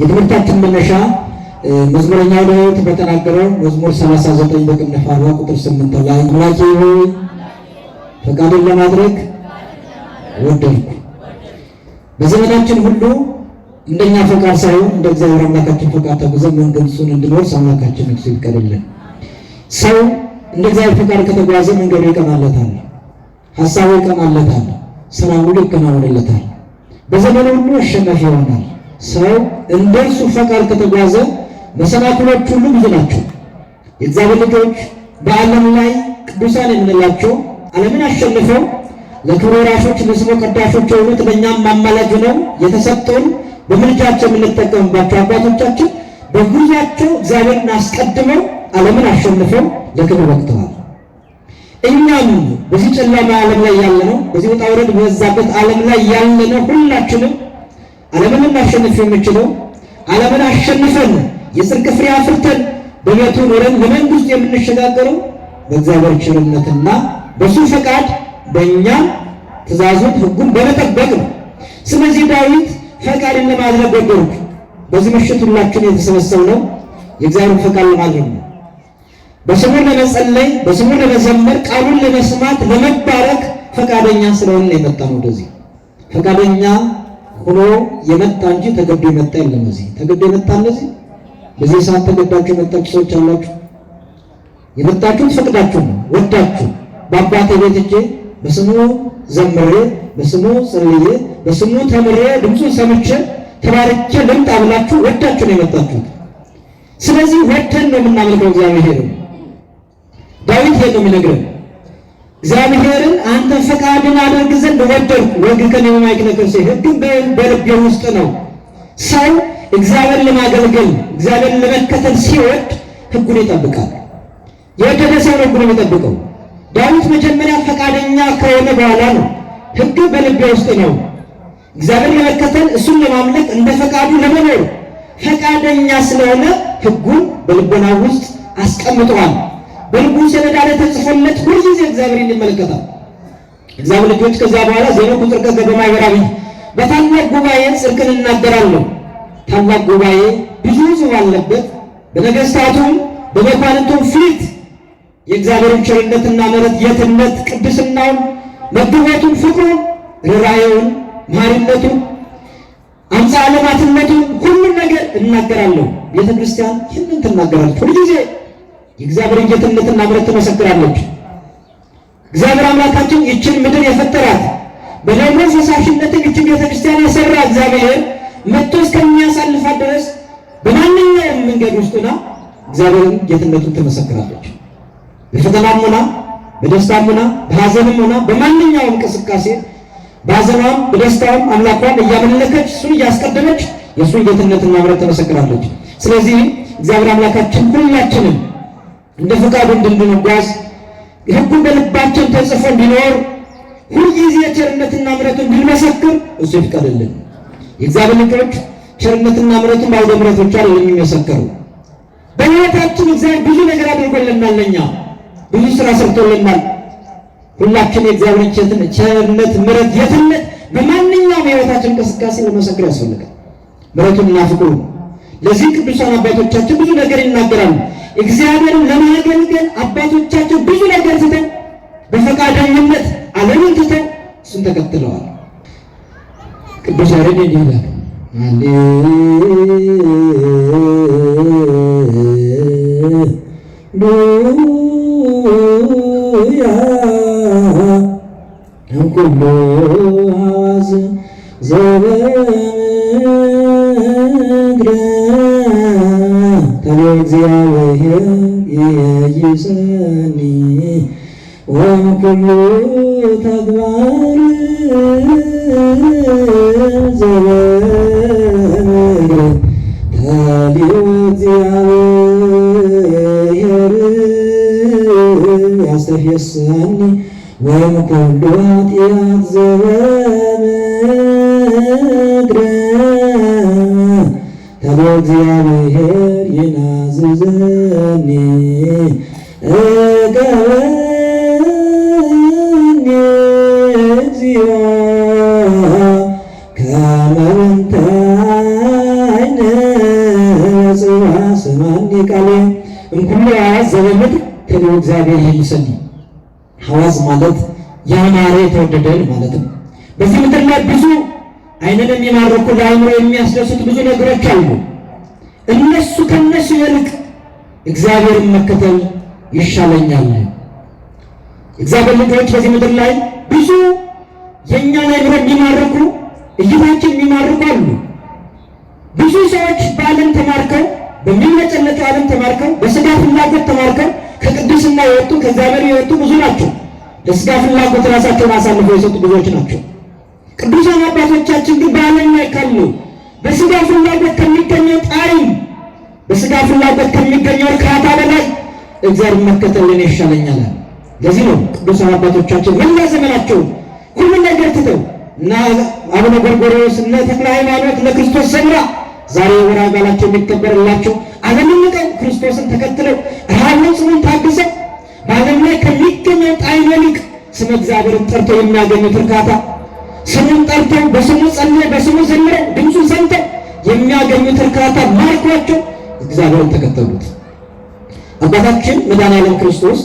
የትምህርታችን መነሻ መዝሙረኛ ዳዊት በተናገረው መዝሙር 39 በቅንፍ 40 ቁጥር 8 ላይ አምላኬ ሆይ ፈቃድን ለማድረግ ወደድኩ። በዘመናችን ሁሉ እንደኛ ፈቃድ ሳይሆን እንደ እግዚአብሔር አምላካችን ፈቃድ ተጉዘን መንገዱን አምላካችን እሱ ይፍቀድልን። ሰው እንደ እግዚአብሔር ፈቃድ ከተጓዘ መንገዱ ይቀናለታል፣ ሀሳቡ ይቀናለታል፣ ስራ ሁሉ ይከናወንለታል፣ በዘመኑ ሁሉ አሸናፊ ይሆናል። ሰው እንደ እርሱ ፈቃድ ከተጓዘ መሰናክሎች ሁሉ ብዙ ናቸው። የእግዚአብሔር ልጆች በዓለም ላይ ቅዱሳን የምንላቸው ዓለምን አሸንፈው ለክብር ወራሾች ለስሙ ቀዳሾች የሆኑት ለእኛም አማላጅ ነው የተሰጠውን በምልጃቸው የምንጠቀምባቸው አባቶቻችን በጉዟቸው እግዚአብሔርን አስቀድመው ዓለምን አሸንፈው ለክብር በቅተዋል። እኛም በዚህ ጨለማ ዓለም ላይ ያለነው በዚህ ውጣ ውረድ በበዛበት ዓለም ላይ ያለነው ሁላችንም ዓለምን ማሸነፍ የምችለው ዓለምን አሸንፈን የጽድቅ ፍሬ አፍርተን በቤቱ ኖረን ለመንግስት የምንሸጋገረው በእግዚአብሔር ቸርነትና በሱ ፈቃድ በእኛ ትእዛዙን ህጉን በመጠበቅ ነው። ስለዚህ ዳዊት ፈቃድን ለማድረግ ወደድኩ። በዚህ ምሽት ሁላችን ነው የእግዚአብሔር ፈቃድ ለማድረግ ነው። በስሙን ለመጸለይ፣ በስሙን ለመዘመር፣ ቃሉን ለመስማት፣ ለመባረክ ፈቃደኛ ስለሆነ የመጣ ነው። ወደዚህ ፈቃደኛ ሆኖ የመጣ እንጂ ተገዶ የመጣ የለም። እዚህ ተገዶ የመጣ እንደዚህ በዚህ ሰዓት ተገዳችሁ የመጣችሁ ሰዎች አላችሁ። የመጣችሁት ፈቅዳችሁ ነው ወዳችሁ በአባቴ ቤት እጄ በስሙ ዘምሬ በስሙ ጸልዬ በስሙ ተምሬ ድምፁን ሰምቼ ተባርቼ ልምጣ ብላችሁ ወዳችሁ ነው የመጣችሁት። ስለዚህ ወደን ነው የምናመልከው እግዚአብሔር። ዳዊት ሄዶ ነው የሚነግረን እግዚአብሔርን አንተ ፈቃድን አደርግ ዘንድ ወደድኩ ወግህን የማይክለክል ህግም በልቤ ውስጥ ነው። ሰው እግዚአብሔር ለማገልገል እግዚአብሔርን ለመከተል ሲወድ ህጉን ይጠብቃል። የወደደ ሰው ነው ህጉን የሚጠብቀው። ዳዊት መጀመሪያ ፈቃደኛ ከሆነ በኋላ ነው ህግ በልቤ ውስጥ ነው። እግዚአብሔር ለመከተል እሱን ለማምለክ እንደ ፈቃዱ ለመኖር ፈቃደኛ ስለሆነ ህጉን በልቦና ውስጥ አስቀምጠዋል። በንጉሥ የመዳነ ተጽፎለት ሁልጊዜ እግዚአብሔር እንመለከታል። እግዚአብሔር ልጆች ከዚያ በኋላ ዘኑ ቁጥር ከዘ በማይበራዊ በታላቅ ጉባኤ ጽድቅን እናገራለሁ። ታላቅ ጉባኤ ብዙ ሕዝብ አለበት። በነገስታቱም በመኳንንቱም ፊት የእግዚአብሔርን ቸርነትና ምሕረት፣ የትነት፣ ቅድስናውን፣ መግባቱን፣ ፍቅሩ ርኅራኄውን፣ መሐሪነቱን፣ አምሳ ዓለማትነቱን ሁሉን ነገር እናገራለሁ። ቤተ ክርስቲያን ይህንን ትናገራለች ሁልጊዜ የእግዚአብሔር ጌትነትና ምሕረት ትመሰክራለች። እግዚአብሔር አምላካችን ይችን ምድር የፈጠራት በደሙ ፈሳሽነትን ይችን ቤተክርስቲያን የሰራ እግዚአብሔር መጥቶ እስከሚያሳልፋት ድረስ በማንኛውም መንገድ ውስጥና ሆና እግዚአብሔርን ጌትነቱን ትመሰክራለች። በፈተናም ሆና በደስታም ሆና በሐዘንም ሆና በማንኛውም እንቅስቃሴ በሐዘኗም በደስታውም አምላኳን እያመለከች እሱን እያስቀደመች የእሱን ጌትነትና ምሕረት ትመሰክራለች። ስለዚህ እግዚአብሔር አምላካችን ሁላችንም እንደ ፈቃዱ እንድንጓዝ ህጉ በልባችን ተጽፎ እንዲኖር ሁልጊዜ የቸርነትና ምሕረቱ እንድንመሰክር እሱ ይፍቀድልን። የእግዚአብሔር ልጆች ቸርነትና ምሕረቱን በአውደ ምሕረት ብቻ የሚመሰከሩ። በሕይወታችን እግዚአብሔር ብዙ ነገር አድርጎልናል፣ ለኛ ብዙ ስራ ሰርቶልናል። ሁላችን የእግዚአብሔርን ቸርነት፣ ምሕረት፣ የትነት በማንኛውም የህይወታችን እንቅስቃሴ ለመሰክር ያስፈልጋል። ምሕረቱንና ፍቅሩን ለዚህ ቅዱሳን አባቶቻችን ብዙ ነገር ይናገራሉ። እግዚአብሔርን ለማገልገል አባቶቻቸው ብዙ ነገር ትተን በፈቃደኝነት ዓለምን ትተን እሱን ተከትለዋል። ቅዱስ ያሬድ እንዲህ ይላል ሃሌሉያ ለኩሉ አዋዝ ዘበን እግዚአብሔር ይይዝኒ ወእምኩሉ ተግባር ዘበ ታሊው እግዚአብሔር ያስተፍየሰኒ ኃጢአት እግዚአብሔር ይናዝዘኒ እገበኒ እግዚኦ ከመ በእንተ ጽዋ ስማኒ ቃሌ እንኩሉ ሐዋዝ ዘበምድር ትቤ እግዚአብሔር ይሙሰኒ። ሐዋዝ ማለት ያማረ የተወደደ ማለት ነው። በዚህ ምድር ላይ ብዙ ዓይንን የሚማርኩ ለአእምሮ የሚያስደስት ብዙ ነገሮች አሉ። እነሱ ከነሱ ይልቅ እግዚአብሔርን መከተል ይሻለኛል። እግዚአብሔር ልጆች በዚህ ምድር ላይ ብዙ የእኛን አይምሮ የሚማርኩ እይታችን የሚማርኩ አሉ። ብዙ ሰዎች በዓለም ተማርከው በሚመጨነቀው ዓለም ተማርከው በስጋ ፍላጎት ተማርከው ከቅዱስና የወጡ ከእግዚአብሔር የወጡ ብዙ ናቸው። ለስጋ ፍላጎት ራሳቸውን አሳልፈው የሰጡ ብዙዎች ናቸው። ቅዱሳን አባቶቻችን ግን በዓለም ላይ ካሉ በስጋ ፍላጎት ከሚገኘው ጣዕም፣ በስጋ ፍላጎት ከሚገኘው እርካታ በላይ እግዚአብሔር መከተል ለእኔ ይሻለኛል። ለዚህ ነው ቅዱሳን አባቶቻችን መላ ዘመናቸው ሁሉ ነገር ትተው እና አቡነ ጎርጎርዮስ እነ ተክለ ሃይማኖት ለክርስቶስ ሰምራ ዛሬ ወር አጋላቸው የሚከበርላቸው ዓለምን ክርስቶስን ተከትለው ረሃቡን ጽኑን ታግሰው በዓለም ላይ ከሚገኘው ጣዕም ይልቅ ስመ እግዚአብሔርን ጠርቶ የሚያገኙት እርካታ ስሙን ጠርተው በስሙ ጸልየው በስሙ ዘምረ ድምፁ ሰምተ የሚያገኙት እርካታ ማርኳቸው እግዚአብሔር ተከተሉት። አባታችን መድኃኔዓለም ክርስቶስ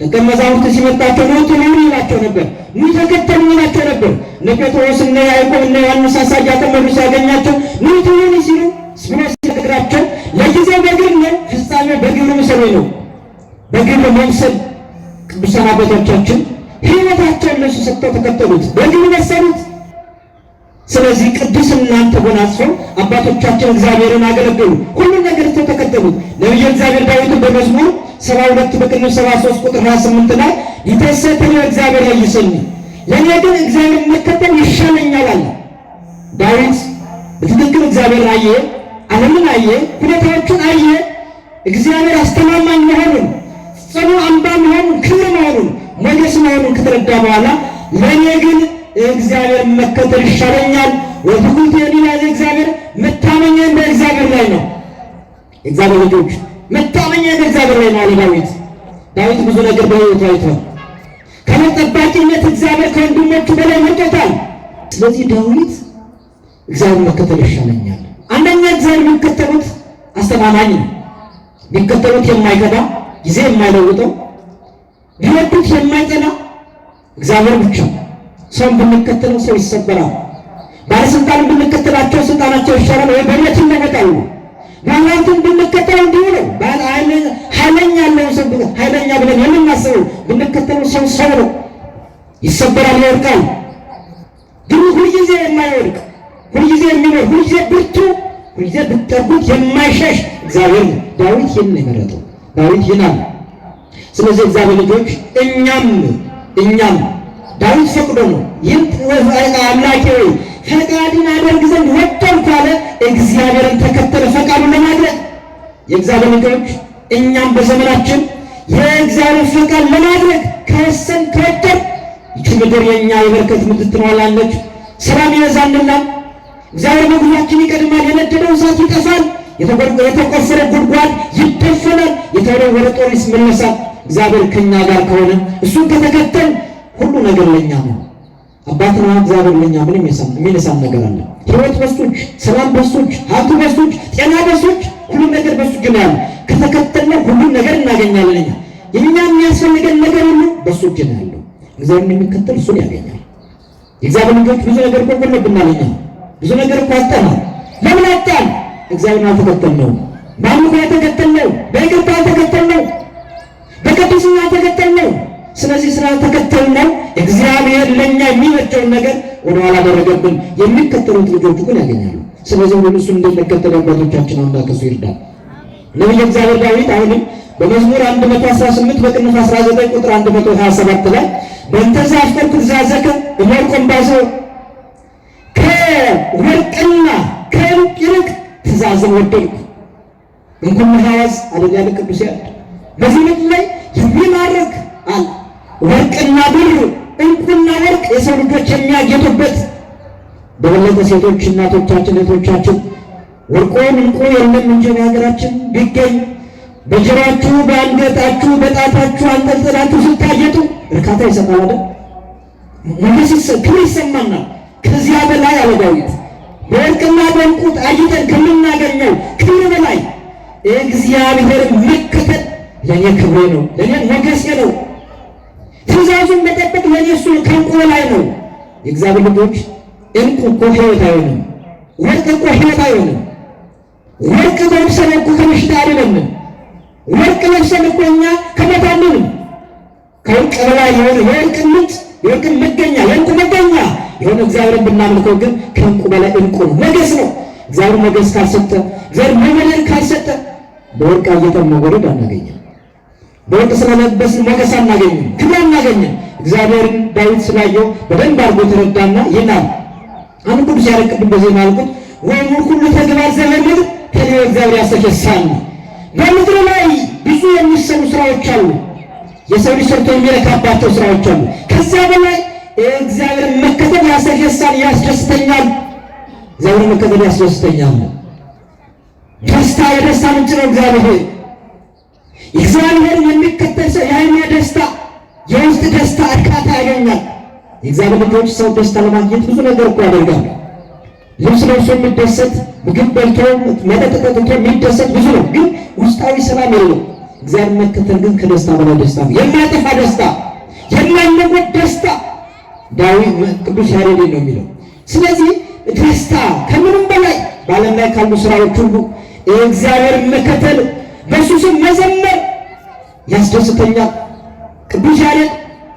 ደቀ መዛሙርት ሲመጣቸው ሞቱ ሊሆን ይላቸው ነበር። ኑ ተከተሉ ይላቸው ነበር። እነ ጴጥሮስ እነ ያዕቆብ እነ ዮሐንስ አሳ እያጠመዱ ሲያገኛቸው ኑ ትሆን ሲሉ ብሎ ሲነግራቸው ለጊዜው በግብር ነው፣ ፍጻሜው በግብር ምሰሉ ነው። በግብር መምሰል ቅዱሳን አባቶቻችን ሕይወታቸውን ለሱ ሰጥተው ተከተሉት፣ በግብር መሰሉት። ስለዚህ ቅድስናን ተጎናጽፈው አባቶቻችን እግዚአብሔርን አገለገሉ። ሁሉን ነገር ትተው ተከተሉት። ነቢዩ እግዚአብሔር ዳዊትን በመዝሙር ሰባ ሁለት በቅንፍ ሰባ ሶስት ቁጥር ሀያ ስምንት ላይ ይትሐሠተኒ እግዚአብሔር ያይሰኝ፣ ለእኔ ግን እግዚአብሔር መከተል ይሻለኛል አለ ዳዊት። በትክክል እግዚአብሔር አየ፣ ዓለምን አየ፣ ሁኔታዎቹን አየ። እግዚአብሔር አስተማማኝ መሆኑን፣ ጽኑ አምባ መሆኑን፣ ክብር መሆኑን፣ ሞገስ መሆኑን ከተረዳ በኋላ ለእኔ ግን እግዚአብሔር መከተል ይሻለኛል። ወትጉት የሚያዝ እግዚአብሔር መታመኛ እግዚአብሔር ላይ ነው። እግዚአብሔር ልጆች መታመኛ እግዚአብሔር ላይ ነው አለ ዳዊት። ዳዊት ብዙ ነገር በሕይወቱ አይቷል። ከመጠባቂነት እግዚአብሔር ከወንድሞቹ በላይ መርጦታል። ስለዚህ ዳዊት እግዚአብሔር መከተል ይሻለኛል። አንደኛ እግዚአብሔር የሚከተሉት አስተማማኝ ነው። ቢከተሉት የማይከዳ ጊዜ የማይለውጠው ቢወዱት የማይጠላ እግዚአብሔር ብቻ ሰው ብንከተለው ሰው ይሰበራል። ባለስልጣን ብንከተላቸው ስልጣናቸው ይሻላል ወይ በእምነት ይመነቃሉ። ባላንትን ብንከተለው እንዲሁ ነው። ኃይለኛ ያለውን ሰው ኃይለኛ ብለን የምናስበው ብንከተለው ሰው ሰው ነው፣ ይሰበራል፣ ይወድቃል። ግን ሁልጊዜ የማይወድቅ ሁልጊዜ የሚኖር ሁልጊዜ ብርቱ ሁልጊዜ ብትጠጉት የማይሸሽ እግዚአብሔር ዳዊት ይህን የመረጠው ዳዊት ይናል። ስለዚህ እግዚአብሔር ልጆች እኛም እኛም ዳዊት ፈቅዶ ነው። ይህም አምላኬ ወይ ፈቃድን አደርግ ዘንድ ወደድኩ ካለ እግዚአብሔርን ተከተለ ፈቃዱን ለማድረግ የእግዚአብሔር ነገሮች እኛም በዘመናችን የእግዚአብሔር ፈቃድ ለማድረግ ከወሰን ከወደር ይቺ ምድር የእኛ የበረከት ምድር ትሆናለች። ሰላም ይበዛልናል። እግዚአብሔር መግቢያችን ይቀድማል። የነደደው እሳት ይጠፋል። የተቆፈረ ጉድጓድ ይደፈናል። የተወረወረ ጦር ይመለሳል። እግዚአብሔር ከእኛ ጋር ከሆነ እሱን ከተከተል ሁሉ ነገር ለኛ ነው። አባትና እግዚአብሔር ለኛ ምን የሚነሳን ነገር አለ? ህይወት በሱች፣ ሰላም በሱች፣ ሀብት በሱች፣ ጤና በሱች፣ ሁሉም ነገር በሱ ግን ያለ ከተከተለ ሁሉም ነገር እናገኛለን። እኛ የኛ የሚያስፈልገን ነገር ሁሉ በሱ ግን ያለው እግዚአብሔር የሚከተል እሱን ያገኛል። የእግዚአብሔር ልጆች ብዙ ነገር እኮ ጎሎብናል። እኛ ብዙ ነገር እኮ አጣናል። ለምን አጣል? እግዚአብሔር አልተከተልነው። ማምለክ ያልተከተልነው፣ በይቅርታ ያልተከተልነው፣ በቅድስና ያልተከተልነው ስለዚህ ስራ ተከተልና እግዚአብሔር ለእኛ የሚመቸውን ነገር ወደኋላ አደረገብን። የሚከተሉት ልጆቹ ግን ያገኛሉ። ስለዚህ ሁሉ እሱን እንደሚከተሉ አባቶቻችን አምላክ እሱ ይርዳል። ነቢየ እግዚአብሔር ዳዊት አሁንም በመዝሙር 118 በቅንፍ 19 ቁጥር 127 ላይ በእንተ ዘአፍቀርኩ ትእዛዘከ እምወርቅ እምባሶ ከወርቅና ከዕንቁ ይልቅ ትእዛዝን ወደድኩ። እንኩን ሐዋዝ አደጋ ለቅዱስ ያለ በዚህ ምድር ላይ የሚማርክ አለ ወርቅና ብር፣ እንቁና ወርቅ የሰው ልጆች የሚያጌጡበት በበለጠ ሴቶች እናቶቻችን፣ እህቶቻችን ወርቆ እንቁ የለም እንጂ በሀገራችን ቢገኝ በጆሮአችሁ፣ በአንገታችሁ፣ በጣታችሁ አንጠልጥላችሁ ስታጌጡ እርካታ ይሰማል አይደል? ንግስ ክብር ከዚያ በላይ አለ ዳዊት በወርቅና በእንቁ አጊጠን ከምናገኘው ክብር በላይ የእግዚአብሔር ምልክት ለእኔ ክብሬ ነው፣ ለእኔ ሞገሴ ነው ትእዛዝን መጠበቅ ለነሱ ከእንቁ ላይ ነው። የእግዚአብሔር ልጆች እንቁ እኮ ሕይወት አይሆንም። ወርቅ እኮ ሕይወት አይሆንም። ወርቅ ለብሰን እኮ ከበሽታ አይደለም። ወርቅ ለብሰን እኮ እኛ ከመታመን ከወርቅ በላይ የሆነ የወርቅ ምንጭ፣ የወርቅ መገኛ፣ የእንቁ መገኛ የሆነ እግዚአብሔርን ብናመልከው ግን ከእንቁ በላይ እንቁ ነገስ ነው። እግዚአብሔር ነገስ ካልሰጠ፣ ዘር መመለር ካልሰጠ በወርቅ አጌጠን መወረድ አናገኘም። በወርቅ ስለለበስ ሞገስ አናገኘም፣ ክብር አናገኘም። እግዚአብሔርን ዳዊት ስላየው በደንብ አድርጎ ተረዳና ይላል አንድ ቅዱስ ያረቅብን በዜማ አልኩት ወይም ሁሉ ተግባር ዘመድር ከሌ እግዚአብሔር ያስተከሳል። በምድር ላይ ብዙ የሚሰሩ ስራዎች አሉ። የሰው ልጅ ሰርቶ የሚረካባቸው ስራዎች አሉ። ከዚያ በላይ እግዚአብሔር መከተል ያስተከሳል፣ ያስደስተኛል። እግዚአብሔር መከተል ያስደስተኛል። ደስታ የደስታ ምንጭ ነው እግዚአብሔር እግዚአብሔር የሚከተል ሰው የአይነ ደስታ የውስጥ ደስታ እርካታ ያገኛል። እግዚአብሔር ልጆች ሰው ደስታ ለማግኘት ብዙ ነገር እኮ ያደርጋል። ልብስ ለብሶ የሚደሰት ምግብ በልቶ መጠጥ ጠጥቶ የሚደሰት ብዙ ነው፣ ግን ውስጣዊ ሰላም የለው። እግዚአብሔር መከተል ግን ከደስታ በላይ ደስታ ነው። የሚያጠፋ ደስታ፣ የማይለወጥ ደስታ ዳዊት ቅዱስ ያሬድ ነው የሚለው። ስለዚህ ደስታ ከምንም በላይ በዓለም ላይ ካሉ ስራዎች ሁሉ እግዚአብሔር መከተል በእሱ ስም መዘመር ያስደስተኛል። ቅዱስ ያሬድ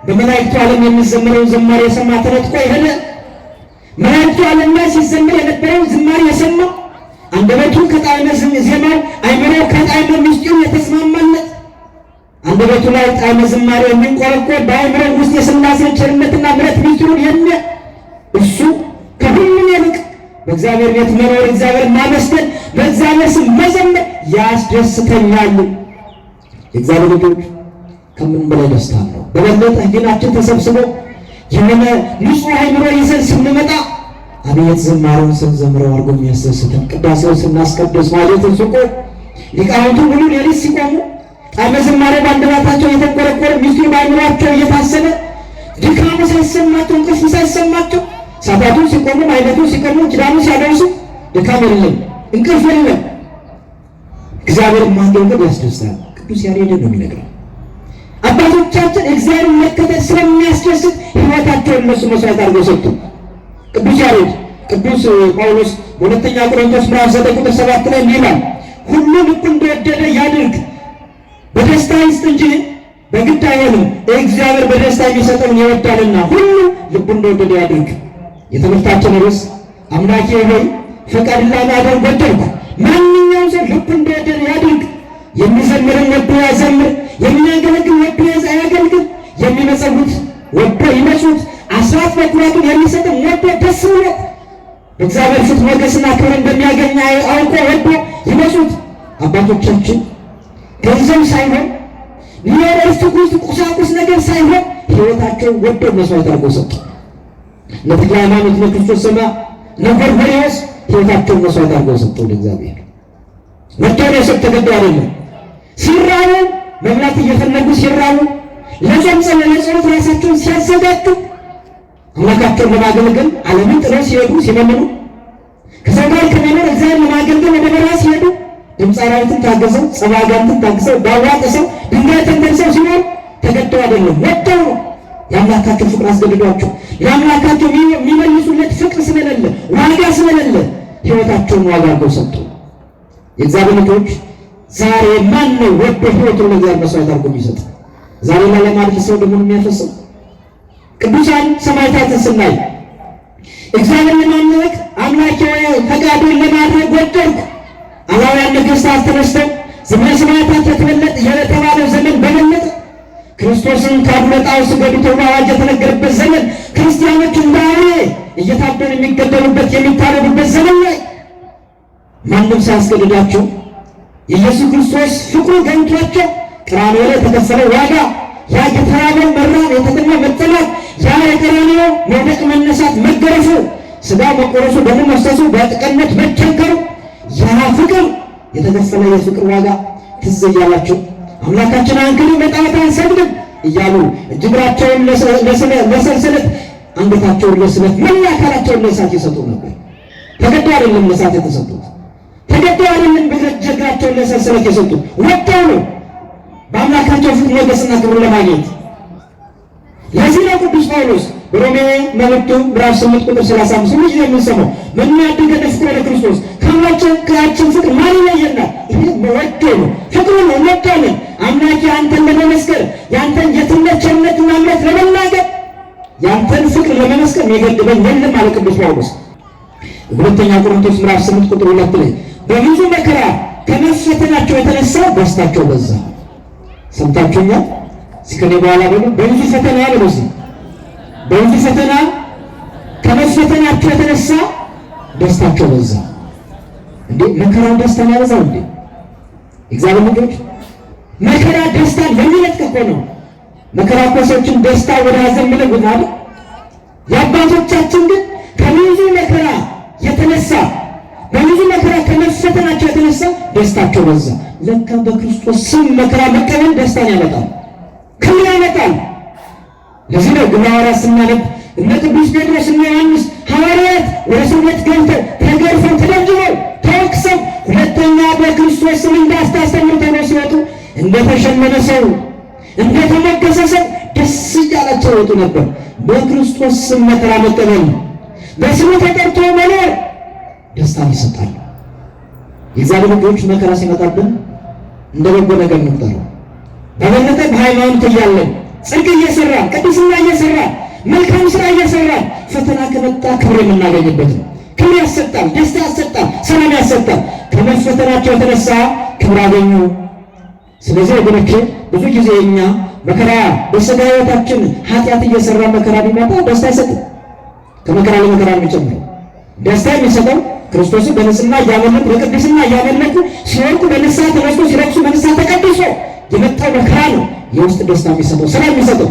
በመላእክቱ ዓለም የሚዘመረውን ዝማሬ የሰማ ተነጥቆ የሆነ መላእክቱ ዓለም ላይ ሲዘምር የነበረው ዝማሬ የሰማ አንደበቱ ከጣዕመ ዜማው፣ አይምሮው ከጣዕመ ምስጢሩ የተስማማለት አንደበቱ ላይ ጣዕመ ዝማሬ የሚንቆረቆር በአይምሮው ውስጥ የሥላሴን ቸርነትና ምሕረት ምስጢሩን የሚያ እሱ ከሁሉም ይልቅ በእግዚአብሔር ቤት መኖር፣ እግዚአብሔር ማመስገን፣ በእግዚአብሔር ስም መዘመር ያስደስተኛል። የእግዚአብሔር ልጆች ከምን በላይ ደስታ ነው። በበለጠ ህሊናችን ተሰብስቦ ይዘን ስንመጣ አቤት ዝማሬውን ስንዘምረው አድርጎ የሚያስደስተን ቅዳሴው ስናስቀድስ ማለት እንሱቆ ሊቃውንቱ ሙሉ ሌሊት ሲቆሙ ጣዕመ ዝማሬ በአንደበታቸው የተንቆረቆረ ሚስቱ በአእምሯቸው እየታሰበ ድካሙ ሳይሰማቸው እንቅልፍ ሳይሰማቸው ሰባቱን ሲቆሙ አይነቱ ሲቆሙ ኪዳኑ ሲያደርሱ ድካም የለም፣ እንቅልፍ የለም። እግዚአብሔር የማንደው ያስደስታል። ቅዱስ ያሬድ ነው የሚነግረው። አባቶቻችን እግዚአብሔር መከተል ስለሚያስደስት ሕይወታቸውን እነሱ መስዋዕት አድርገው ሰጡ። ቅዱስ ያሬድ ቅዱስ ጳውሎስ በሁለተኛ ቆሮንቶስ ምዕራፍ ዘጠኝ ቁጥር ሰባት ላይ ይላል ሁሉ እኩ እንደወደደ ያድርግ፣ በደስታ ይስጥ እንጂ በግድ አይሆንም። እግዚአብሔር በደስታ የሚሰጠውን ይወዳልና ሁሉ ልቡ እንደወደደ ያድርግ። የትምህርታችን ርዕስ አምላኬ ሆይ ፈቃድህን ማደር ወደድኩ ማንኛውም ሰው ልብ እንዲያደር ያድርግ። የሚዘምርን ወዶ ያዘምር፣ የሚያገለግል ወዶ ያገልግል። የሚመጸውት ወዶ ይመጹት፣ አስራት በኩራቱን የሚሰጥን ወዶ ደስ ብሎት በእግዚአብሔር ፊት ሞገስና ክብር እንደሚያገኝ አውቆ ወዶ ይመጹት። አባቶቻችን ገንዘብ ሳይሆን ሊያደርሱ ውስጥ ቁሳቁስ ነገር ሳይሆን ሕይወታቸው ወዶ መስዋዕት አድርጎ ሰጡ። ለተክለ ሃይማኖት ለክርስቶስ ስማ ለጎርጎርዮስ ህይወታቸውን መስዋዕት አድርገው ሰጥተው ለእግዚአብሔር ነው የሰጠ ግድ አይደለም። ሲራቡ መብላት እየፈለጉ ሲራቡ፣ ለጾም ለጸሎት ራሳቸውን ሲያዘጋጁ አምላካቸውን ለማገልገል ዓለምን ጥለው ሲሄዱ ሲመምኑ፣ ከሰው ጋር ከመኖር እግዚአብሔር ለማገልገል ወደ በረሃ ሲሄዱ ድምፀ አራዊትን ታገሰው፣ ፀባ አጋንንትን ታግሰው፣ ዳዋ ጥሰው፣ ድንጋይ ተንተርሰው ሲኖሩ ተገደው አይደለም መጥተው ነው። የአምላካቸው ፍቅር አስገድዷቸው ራሳቸውን ዋጋ አድርገው ሰጡ። የእግዚአብሔር ልጆች ዛሬ ማን ነው ወደ ህይወቱ ለእግዚአብሔር መስዋዕት አድርጎ የሚሰጥ? ዛሬ ሰው የሚያፈሰው ቅዱሳን ሰማዕታትን ስናይ እግዚአብሔር ለማምለክ አምላኬ ፈቃዱን ለማድረግ ወደድኩ። አላውያን ተነስተው ዘመነ ሰማዕታት የተበለጠ የተባለው ዘመን ክርስቶስን ካብለጣው ስገዱ ተብሎ አዋጅ የተነገረበት ዘመን ክርስቲያኖች እንዳለ እየታደኑ የሚገደሉበት የሚታረዱበት ማንም ሳያስገድዳቸው ኢየሱስ ክርስቶስ ፍቅሩ ገኝቷቸው ቀራንዮ ላይ የተከፈለ ዋጋ ያ የተራበን መራብ፣ የተጠማ መጠላት፣ ያ የቀራንዮ መውደቅ፣ መነሳት፣ መገረፉ፣ ስጋ መቆረሱ፣ ደም መፍሰሱ፣ በጥቀነት መቸንከሩ፣ ያ ፍቅር የተከፈለ የፍቅር ዋጋ ትዝ እያላቸው አምላካችን አንክልም በጣዖት አንሰግድም እያሉ እግራቸውን ለሰንሰለት አንገታቸውን ለስለት መላ አካላቸውን ለእሳት የሰጡ ነበር። ተገዶ አይደለም ለእሳት የተሰጡት ተገደው አይደለም በእጃቸውን ለሰንሰለት የሰጡ ወጥተው ነው በአምላካቸው ፊት ሞገስና ክብር ለማግኘት። ለዚህ ነው ቅዱስ ጳውሎስ ሮሜ መልእክቱ ምዕራፍ ስምንት ቁጥር ሰላሳ አምስት ሁሉ የምንሰማው ምን ያደገ ለክርስቶስ ከማቸው ፍቅር ማን ይለየናል? ይህ ወደ ነው ፍቅሩ ነው ወደለን አምላክ የአንተን ለመመስከር የአንተን የትነት ቸርነትና እምነት ለመናገር የአንተን ፍቅር ለመመስከር የሚገድበን የለም አለ ቅዱስ ጳውሎስ ሁለተኛ ቆሮንቶስ ምዕራፍ ስምንት ቁጥር ሁለት ላይ በብዙ መከራ ከመፈተናቸው የተነሳ ደስታቸው በዛ። ሰምታችሁኛል። እስከኔ በኋላ ደግሞ በብዙ ፈተና ያለ በዚህ በብዙ ፈተና ከመፈተናቸው የተነሳ ደስታቸው በዛ። እንዴ መከራው ደስታ ያበዛው እንዴ? እግዚአብሔር ልጆች መከራ ደስታ የሚነጥቅ እኮ ነው። መከራ ኮሰችን ደስታ ወደ ሀዘን የሚለውጥ አይደል? የአባቶቻችን ግን ከብዙ መከራ የተነሳ በብዙ መከራ ከመፈተናቸው የተነሳ ደስታቸው በዛ። ለካ በክርስቶስ ስም መከራ መቀበል ደስታን ያመጣል፣ ክብር ያመጣል። ለዚህ ነው ግብረ ሐዋርያት ስናነብ እነ ቅዱስ ጴጥሮስ እና ዮሐንስ ሐዋርያት ወደ ሰውነት ገብተው ተገርፈው ተደብድበው ተወቅሰው ሁለተኛ በክርስቶስ ስም እንዳስታሰሩ ተብለው ሲወጡ እንደተሸመነ ሰው እንደተመገሰ ሰው ደስ እያላቸው ወጡ ነበር። በክርስቶስ ስም መከራ መቀበል በስሙ ተጠርቶ መኖር ደስታን ይሰጣል። የእግዚአብሔር ልጆች መከራ ሲመጣብን እንደ በጎ ነገር እንቁጠረው። በበለጠ በሃይማኖት እያለን ጽድቅ እየሰራን ቅድስና እየሰራን መልካም ስራ እየሰራን ፈተና ከመጣ ክብር የምናገኝበት ነው። ክብር ያሰጣል፣ ደስታ ያሰጣል፣ ሰላም ያሰጣል። ከመፈተናቸው የተነሳ ክብር አገኙ። ስለዚህ ወገኖቼ ብዙ ጊዜ እኛ መከራ በስጋ ሕይወታችን ኃጢአት እየሰራ መከራ ቢመጣ ደስታ አይሰጥም። ከመከራ ለመከራ የሚጨምረው ደስታ የሚሰጠው ክርስቶስን በንስና እያመለኩ በቅድስና እያመለኩ ሲወርቁ በንስሐ ተነስቶ ሲረክሱ በንስሐ ተቀድሶ የመጣው መከራ ነው የውስጥ ደስታ የሚሰጠው ስራ የሚሰጠው